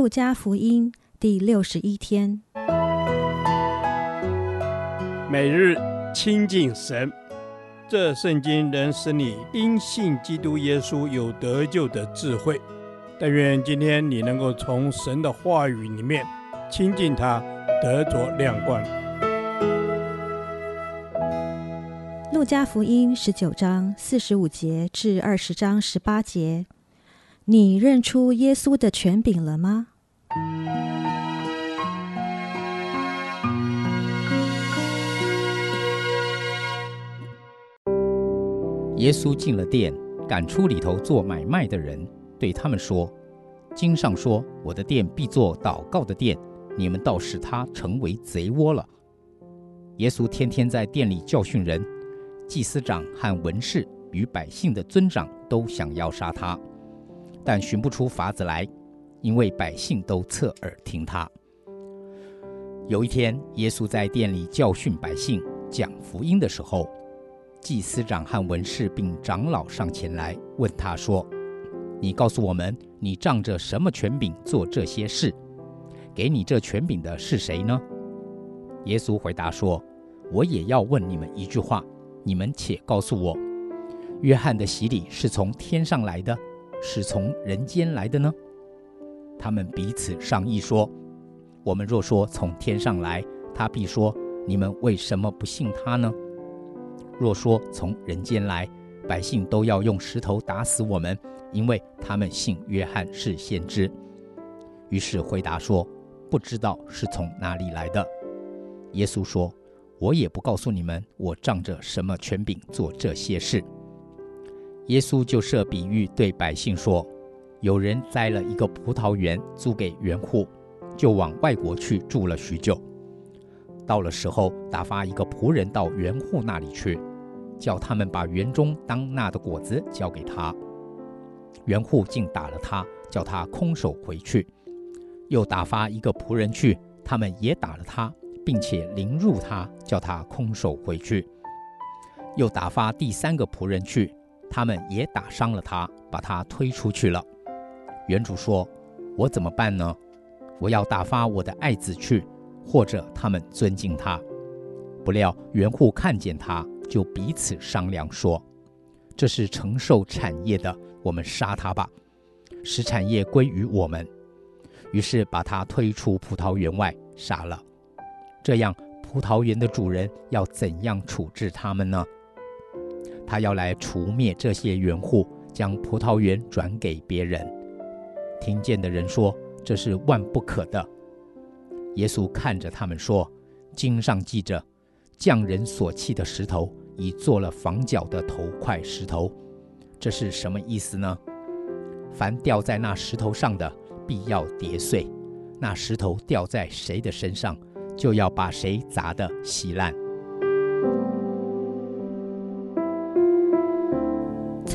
路加福音第六十一天，每日親近神，這聖經能使你因信基督耶穌有得救的智慧。但願今天你能夠從神的話語裡面親近他，得着亮光。路加福音十九章四十五節至二十章十八節。你認出耶穌的權柄了嗎？耶穌進了殿，趕出裡頭做買賣的人，對他們說：“經上說，我的殿必做禱告的殿，你們倒使他成為賊窩了。”耶穌天天在殿裡教訓人，祭司長和文士與百姓的尊長都想要殺他。但尋不出法子來，因為百姓都側耳聽他。有一天，耶穌在殿裡教訓百姓、講福音的時候，祭司長和文士並長老上前來問他說：“你告訴我們，你仗着什麼權柄做這些事？給你這權柄的是誰呢？”耶穌回答說：“我也要問你們一句話，你們且告訴我：約翰的洗禮是從天上來的。”是從人間來的呢？他們彼此商議說：“我們若說從天上來，他必說你們為什麼不信他呢？若說從人間來，百姓都要用石頭打死我們，因為他們信約翰是先知。”於是回答說：“不知道是從哪裡來的。”耶穌說：“我也不告訴你們，我仗着什麼權柄做這些事。”耶穌就設比喻對百姓說：“有人栽了一個葡萄園，租給園戶，就往外國去住了許久。到了時候，打發一個僕人到園戶那裡去，叫他們把園中當納的果子交給他。園戶竟打了他，叫他空手回去。又打發一個僕人去，他們也打了他，並且凌辱他，叫他空手回去。又打發第三個僕人去。”他們也打傷了他，把他推出去了。園主說：“我怎麼辦呢？我要打發我的愛子去，或者他們尊敬他。”不料園戶看見他，就彼此商量說：“這是承受產業的，我們殺他吧，使產業歸於我們。”於是把他推出葡萄園外殺了。這樣，葡萄園的主人要怎樣處置他們呢？他要來除滅這些園戶，將葡萄園轉給別人。聽見的人說：“這是萬不可的。”耶穌看着他們說：“經上記着，匠人所棄的石頭，已做了房角的頭塊石頭。這是什麼意思呢？凡掉在那石頭上的，必要跌碎；那石頭掉在誰的身上，就要把誰砸得稀爛。”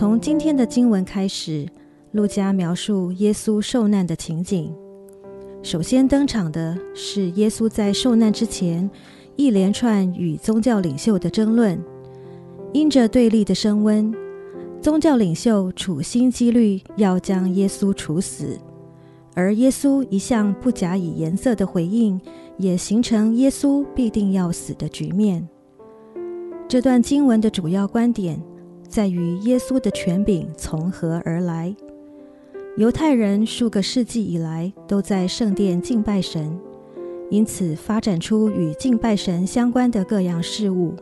從今天的經文開始，路加描述耶穌受難的情景。首先登場的是耶穌在受難之前一連串與宗教領袖的爭論。因着對立的升溫，宗教領袖處心積慮要將耶穌處死，而耶穌一向不假以顏色的回應，也形成耶穌必定要死的局面。這段經文的主要觀點，在於耶穌的權柄從何而來？猶太人數個世紀以來都在聖殿敬拜神，因此發展出與敬拜神相關的各樣事物。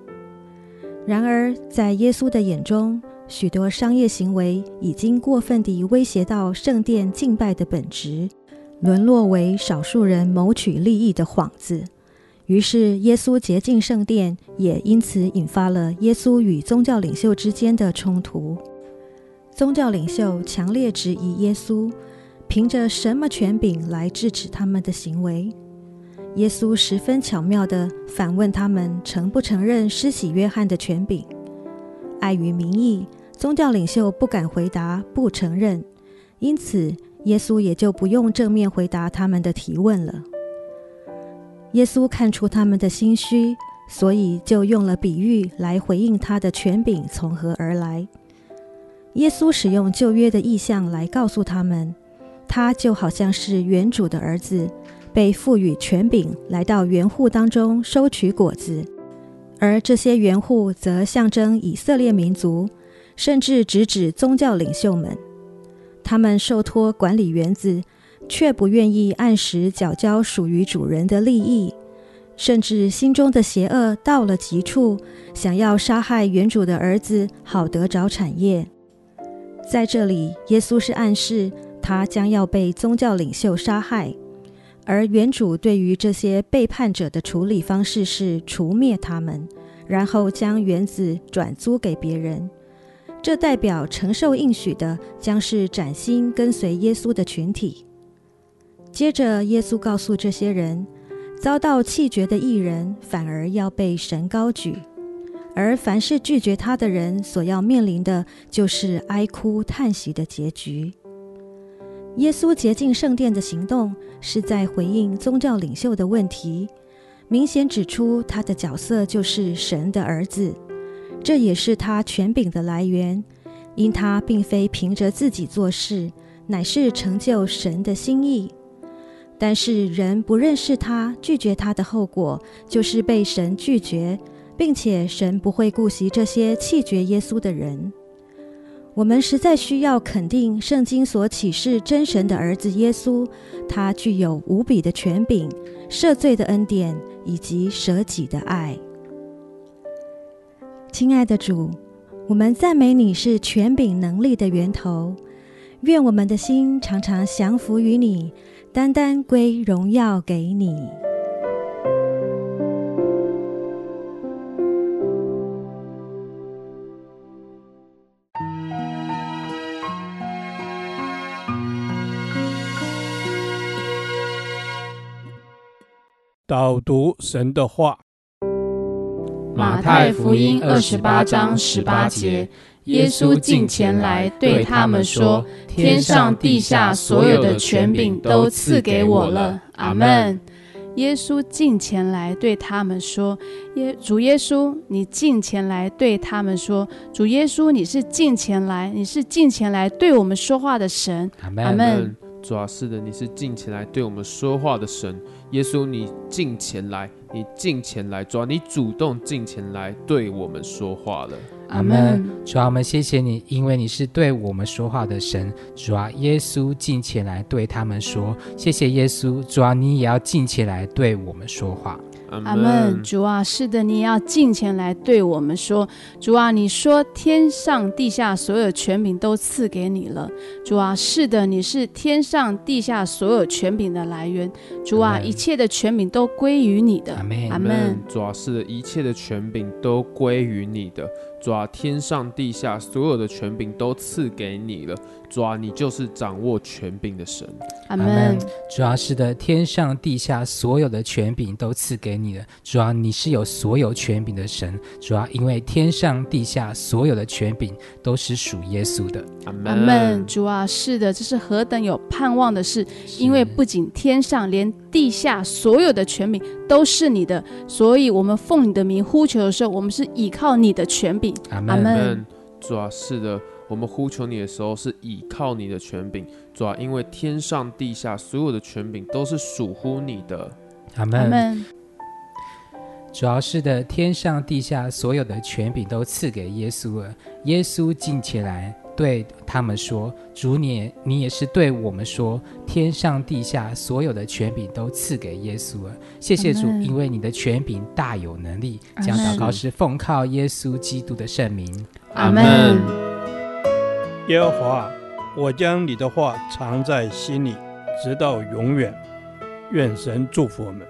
然而，在耶穌的眼中，許多商業行為已經過分地威脅到聖殿敬拜的本質，淪落為少數人謀取利益的幌子。於是，耶穌潔淨聖殿，也因此引發了耶穌與宗教領袖之間的衝突。宗教領袖強烈質疑耶穌，憑着什麼權柄來制止他們的行為？耶穌十分巧妙地反問他們：承不承認施洗約翰的權柄？礙於民意，宗教領袖不敢回答，不承認。因此，耶穌也就不用正面回答他們的提問了。耶穌看出他們的心虛，所以就用了比喻來回應他的權柄從何而來。耶穌使用舊約的意象來告訴他們，他就好像是園主的兒子，被賦予權柄來到園戶當中收取果子，而這些園戶則象徵以色列民族，甚至直指宗教領袖們，他們受託管理園子，卻不願意按時繳交屬於主人的利益，甚至心中的邪惡到了極處，想要殺害園主的兒子，好得着產業。在這裡，耶穌是暗示他將要被宗教領袖殺害，而園主對於這些背叛者的處理方式是除滅他們，然後將園子轉租給別人。這代表承受應許的將是嶄新跟隨耶穌的群體。接着，耶穌告訴這些人，遭到棄絕的義人反而要被神高舉，而凡是拒絕他的人，所要面臨的就是哀哭嘆息的結局。耶穌潔淨聖殿的行動是在回應宗教領袖的問題，明顯指出他的角色就是神的兒子，這也是他權柄的來源，因他並非憑着自己做事，乃是成就神的心意。但是人不認識他，拒絕他的後果就是被神拒絕，並且神不會顧惜這些棄絕耶穌的人。我們實在需要肯定聖經所啟示真神的兒子耶穌，他具有無比的權柄、赦罪的恩典以及捨己的愛。親愛的主，我們讚美你是權柄能力的源頭，願我們的心常常降服於你。單單歸榮耀給你。導讀神的話，《馬太福音》二十八章十八節。耶穌進前來，對他們說：“天上地下所有的權柄都賜給我了。”阿門。耶穌進前來，對他們說：“耶主耶穌，你進前來，對他們說：主耶穌，你是進前來，你是進前來對我們說話的神。阿們”阿門。主啊，是的，你是近前來對我們說話的神，耶穌，你近前來，你近前來，主啊，你主動近前來對我們說話了，阿門。主啊，我們謝謝你，因為你是對我們說話的神。主啊，耶穌近前來對他們說，謝謝耶穌。主啊，你也要近前來對我們說話。阿門，主啊，是的，你要進前來對我們說，主啊，你說天上地下所有權柄都賜給你了，主啊，是的，你是天上地下所有權柄的來源，主啊，一切的權柄都歸於你的，阿門，主啊，是的，一切的權柄都歸於你的。主啊，天上地下所有的權柄都賜給你了。主啊，你就是掌握權柄的神。阿門。主啊，是的，天上地下所有的權柄都賜給你了。主啊，你是有所有權柄的神。主啊，因為天上地下所有的權柄都是屬耶穌的。阿門。主啊，是的，這是何等有盼望的事！是因為不僅天上，連地下所有的權柄都是你的，所以我們奉你的名呼求的時候，我們是倚靠你的權柄。阿門。主要是的，我們呼求你的時候是倚靠你的權柄，主要因為天上地下所有的權柄都是屬乎你的。阿門。主要是的，天上地下所有的權柄都賜給耶穌了，耶穌進前來。對他們說，主你，你也是對我們說，天上地下所有的權柄都賜給耶穌了。謝謝主，因為你的權柄大有能力。阿們。將禱告是奉靠耶穌基督的聖名。阿門。耶和華，我將你的話藏在心裡，直到永遠。願神祝福我們。